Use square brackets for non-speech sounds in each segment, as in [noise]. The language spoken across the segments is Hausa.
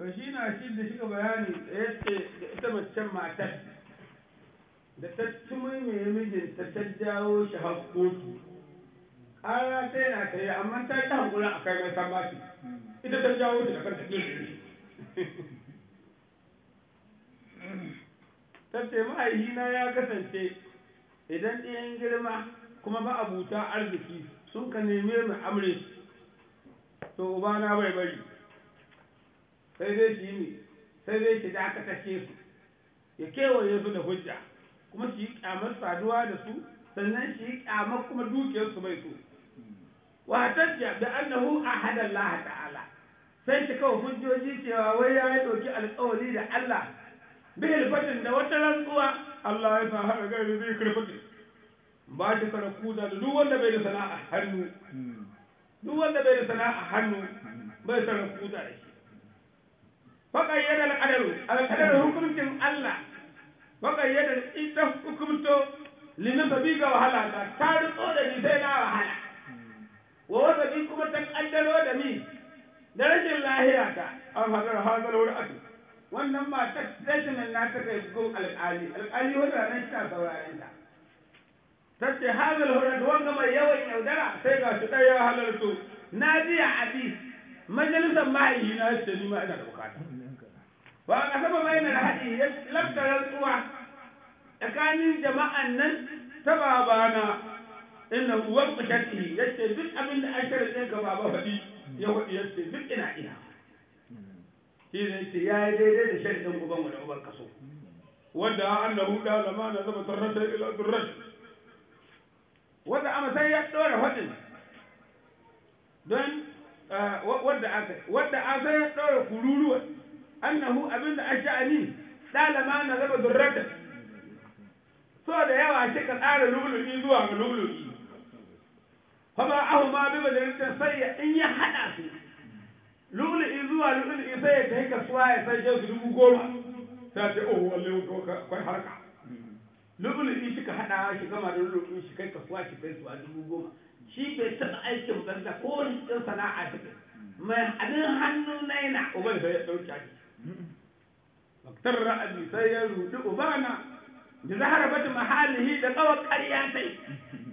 to shi na shi da shiga bayani tsaye ce da ita macen matar da ta cimai mai mijin ta ta jawo shi hakkoki ƙara ta yana ta yi amma ta yi ta hankulin a kai mai sambaci ita ta jawo shi da kanta ɗin ta ce ma'aihina ya kasance idan ɗiyan girma kuma ba abuta arziki sun ka neme mu amre to ubana bai bari sai dai shi yi sai dai shi dakatake su ya kewaye su da hujja kuma shi yi kyamar saduwa da su sannan shi yi kyamar kuma dukiyarsu bai so wa tajja da annahu ahada Allah ta'ala sai shi kawai hujjoji cewa wai ya doki dauki alƙawari da Allah bil fatin da wata rantsuwa Allah ya sa har ga zai karfafe ba shi kara kuda da duk wanda bai da sana'a hannu hmm. duk wanda bai da sana'a hannu bai sarrafa kuda da shi وقيد القدر القدر حكمتين الله وقيد إذا حكمته لمن فبيك وهلا تارك أولا نسينا وهلا ووضع بكم تقدر ودمي درجة الله يأتى أو هذا هذا الورأة wannan matar rashin nan na ta kai go alƙali alƙali wanda nan shi ta sauraren ta ta ce hazal hurad wanga mai yawan yaudara sai ga shi ɗaya halartu na biya abi majalisar ma'ayi na ce ni ma ina da ba a saba mai hadi haɗi ya labta rantsuwa tsakanin jama'an nan ta babana inna huwa qashati ya ce duk abin da an shirya ka baba faɗi ya faɗi ya ce duk ina ina shi ne ce ya yi daidai da sharaɗin uban wani uban kaso wanda annahu da lama na zama tarrata ila durrat wanda amma sai ya ɗora faɗin don wanda an sai ya ɗora kururuwa annahu abinda an sha'ani dalama na zaba durrata so da yawa shi ka tsara lulubi zuwa ga lulubi kuma ahu ma bi majalisar sai ya in ya hada su lulubi zuwa lulubi sai ya kai kasuwa ya sai jau dubu goma ta ce oh wallahi kai harka lulubi shi ka hada shi gama da lulubi shi kai kasuwa shi kai suwa dubu goma shi bai taɓa aikin banza ko wani sana'a shi mai abin hannu na yana uban da ya ɗauki waktar ra'abi sai ya rudi ubana da zaharabata mahalihi da kawar ƙarya sai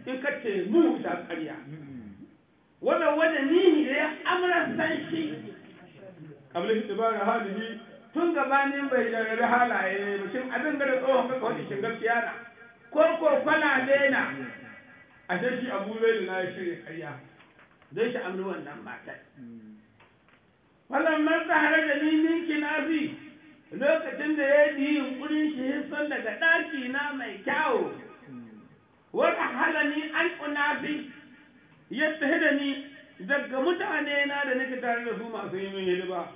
in ka ce mu ta ƙarya wannan wanda nihi da ya amra san shi kabla itibara halihi tun gabanin bai jarrabi halaye mutum abin gada tsohon kaka wani shingar siyara ko ko kwala lena a shi abu zai na shirya ƙarya zai shi amri wannan matar falon man tsare da na kinafi lokacin da ya yi yunkurin shi hisson daga ɗaki na mai kyawo wata halani an fi ya tafi da ni daga mutane na da nake tare da su masu yi min hidima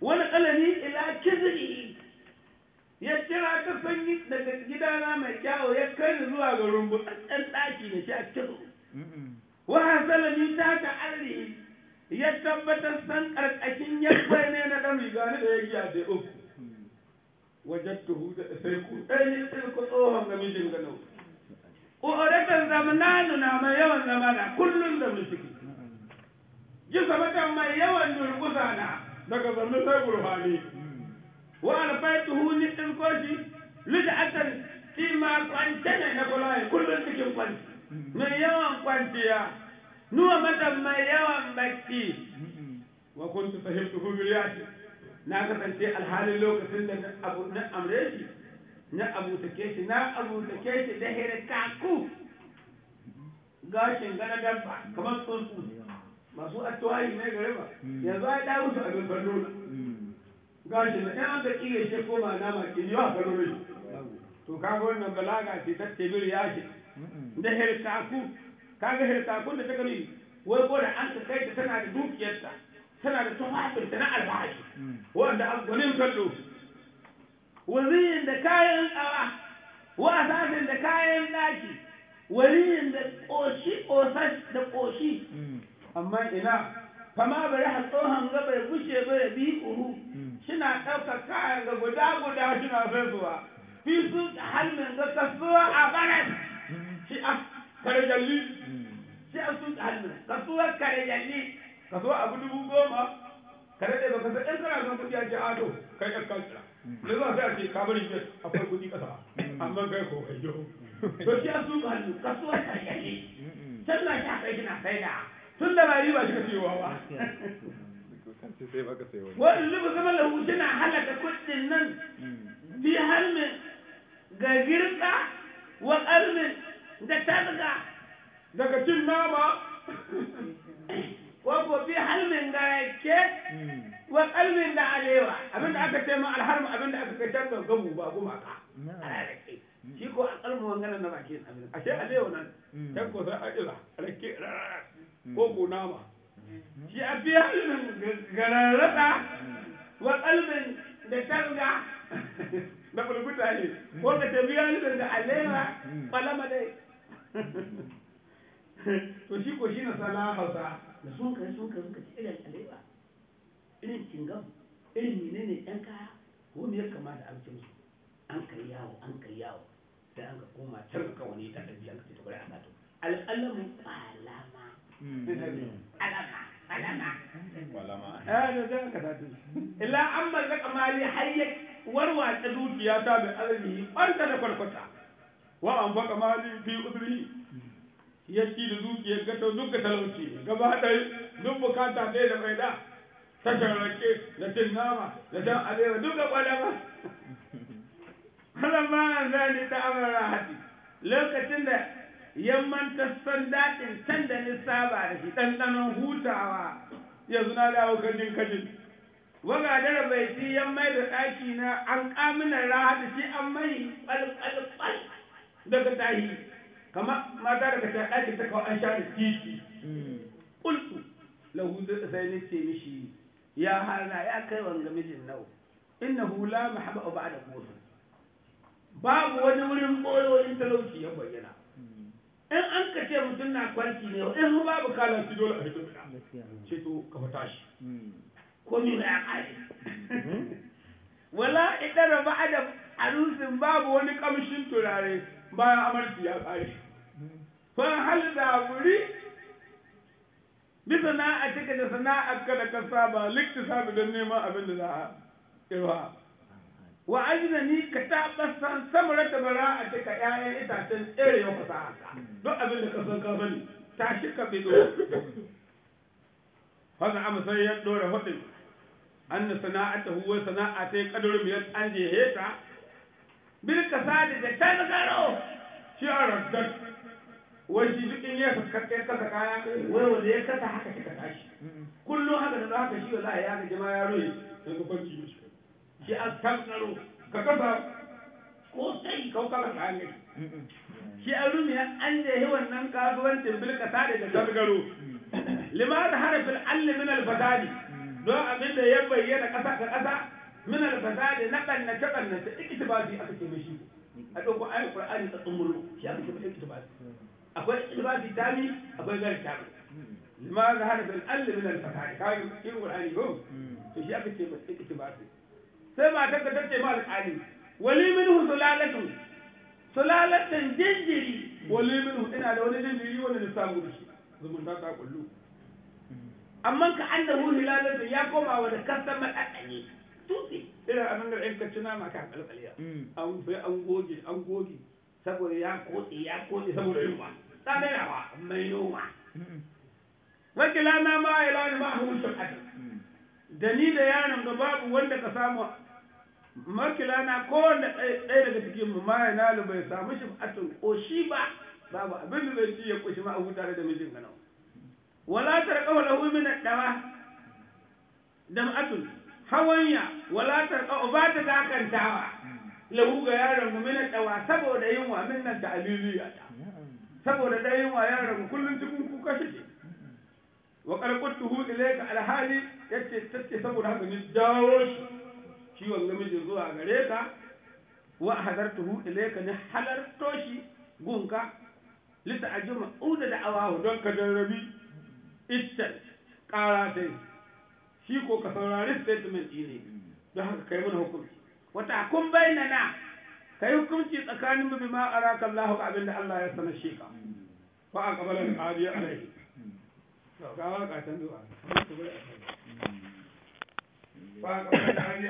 wani ƙalani ila kizri ya kira ka sanyi daga gidana mai kyawo ya kai zuwa ga rumbu ɗan ɗaki na shi a kizo wa hasalani ta ka arri ya tabbatar san karkashin yadda ne na dan riga ne da ya a da uku tuhu da sai ku dai sai ku tsohon ga mijin ga nau ƙoratan zamananu na mai yawan zamana kullum da musiki ji sabatan mai yawan durkusa na daga zamanai sai burhani wa alfaitu huni ɗin koshi lida'atan kima kwance ne na kulaye kullum cikin kwanci mai yawan ya. nuwa mata mai yawan bacci wa kuntu fahimtu hurriyati na kasance alhalin lokacin da na abu na amre shi na abu take shi na abu take shi da kaku. gashin gana dabba kamar tsuntsu masu attuwayi mai gare ba mm. yanzu ai da musu abin barnuna mm. gashin na yan aka kire shi ma nama kiri wa barnuna to kaga wannan balaga ce ta tebir yashi da kaku. kaga hirta kun da ta gani wai ko da an kai ta tana da dukiyarta tana da tufafin ta na albashi. wanda an gwanin kallo wazirin da kayan tsawa wasasin da kayan daki waliyin da ƙoshi ƙosas da ƙoshi amma ina fama bari ha tsohon gaba ya bushe ba ya bi uru. Suna ɗaukar kaya ga guda guda shina fesuwa fi su halmin ga kasuwa a baras shi a karjalli sai a tutsa hannu kasuwar karayalli kaso abu dubu goma kare da baka san ɗan kana son kuɗi a ce ado ah, kai ɗan kansila da mm. za sai a ce ka bari jet akwai kuɗi ƙasa mm. amma kai ko kai jo mm. to shi a ka hannu kasuwar karayalli can na ka kai kina sai da tun da ba shi ka wa ba wani zuba zama lahu suna halaka kudin nan bi halmin ga girka wa ƙarmin da tasga daga cin nama wato fi halmin da yake hmm. wa kalmin da alewa abinda hmm. aka ce ma alharm abinda aka kai tantan gabu ba gumaka hmm. alarake shi ko a kalmu wangana na baki abin ashe alewa nan can ko sai ajira alake ko ko nama shi a fi halmin gararrata wa kalmin da tanga [laughs] na bulbuta ne ko ka ce biya da alewa kwalama dai to shi ko shi na sala hausa da sun kai sun kai suka ci irin alewa irin cingam irin menene ɗan kaya ko ne ya kamata a cikin su an kai yawo an kai yawo da an ka koma can ka wani ta ɗabi an ka ce tukuri a sato alƙalamin alama alama alama eh da ka illa mallaka mali hayyar warwatsa dukiya ta bi arziki kwanta da kwalkwata wa an baka mali fi uzuri ya ci da dukiyar gato duk ga talauci gaba ɗaya duk bukata ɗaya da mai da tashar rake da cin nama da can alewa duk ga ƙwalama halan ma an [laughs] zani ta amara hadi lokacin da yamman ta san daɗin can da ni saba da shi ɗanɗanon hutawa yanzu na dawo kajin kajin waga dara bai ci yammai da ɗaki na an ƙaminar rahadi shi an mai ƙwalƙwalƙwal daga tahi kama mata da ka ɗakin ta kawai an sha da titi ƙultu lahu sai ni ce mishi ya hana ya kai wanga mijin nau innahu la mahaba ba da musa babu wani wurin boyoyin talauci ya bayyana in an ka ce mutum na kwanci ne in babu kala su dole a hito ce to ka fita shi hmm. ko ni ya kare wala idan ba da arusin babu wani kamshin turare bayan amarci ya tsari fan hal da wuri bisa na a cika da sana'a kada ka saba liktisabi don neman abin da za a irwa wa ni ka ta san samura ta bara a cika ƴaƴan itacen tsere ya haka. don abin da ka san ka bani ta shi ka bido fasa amma sai ya dora hudin an ta huwa sana'a ta yi ƙadurin biyar an ya heta bil kasadi da garo shi a rantar wai shi duk in ya kakkai kasa kaya wai wanda ya kasa haka shi kasa shi kullum haka da haka shi wallahi ya ga ma ya roye sai ka kwanci shi an garo ka kasa ko sai ka kasa kaya shi a rumiya an jahi wannan kasuwancin bil kasadi da tangaro limanin harafin allimin alfasadi don abin da ya bayyana ƙasa ga ƙasa min al-fasadi na bannace bannace iktibasi aka ce mishi a dogo ayi qur'ani ta tsumuru shi aka ce iktibasi akwai iktibasi tami akwai gar tami lima zahara bil alli min al-fasadi kai shi qur'ani go to shi aka ce iktibasi sai matar ka tace ma al-qali wali minhu sulalatu sulalatan jinjiri wali minhu ina da wani jinjiri wanda na samu da shi zumunta ta kullu amma ka annahu hilalatu ya koma wa da kasan madadani Mm. a nan da ɗan kacci nama kan ƙalƙaliya an fi an goge an goge saboda ya kotse ya kotse saboda yunwa ta daina ba mai yunwa wake lana ma ya lana ma hukuncin adam mm. da ni da yaron ga babu wanda ka samu makila na kowanne ɗaya daga cikin mu mai ya nalu bai samu shi atun shi ba babu abin da zai ci ya ƙoshi ma abu tare da mijin ganau wala wala hu min ad-dawa dam'atun hawanya wala ta ba ta dakantawa lahu ga yaron mu mina tawa saboda yunwa min nan da aliliya ta saboda da yunwa yaron mu kullun cikin kuka shi wa qalqatuhu ilayka alhali yace tace saboda haka ni dawo shi ciwon namiji zuwa gare ka wa hadartuhu ilayka ni halarto shi gunka lita ajima uda da awahu don ka jarrabi ittal ƙara dai shi ko ka saurari statement ne don haka kai mana hukunci wata kun bayyana kai hukunci tsakanin mu bima araka Allah ga abinda Allah ya sanar shi ka fa aqbala al-qadi alayhi ga waka tan du'a fa aqbala al-qadi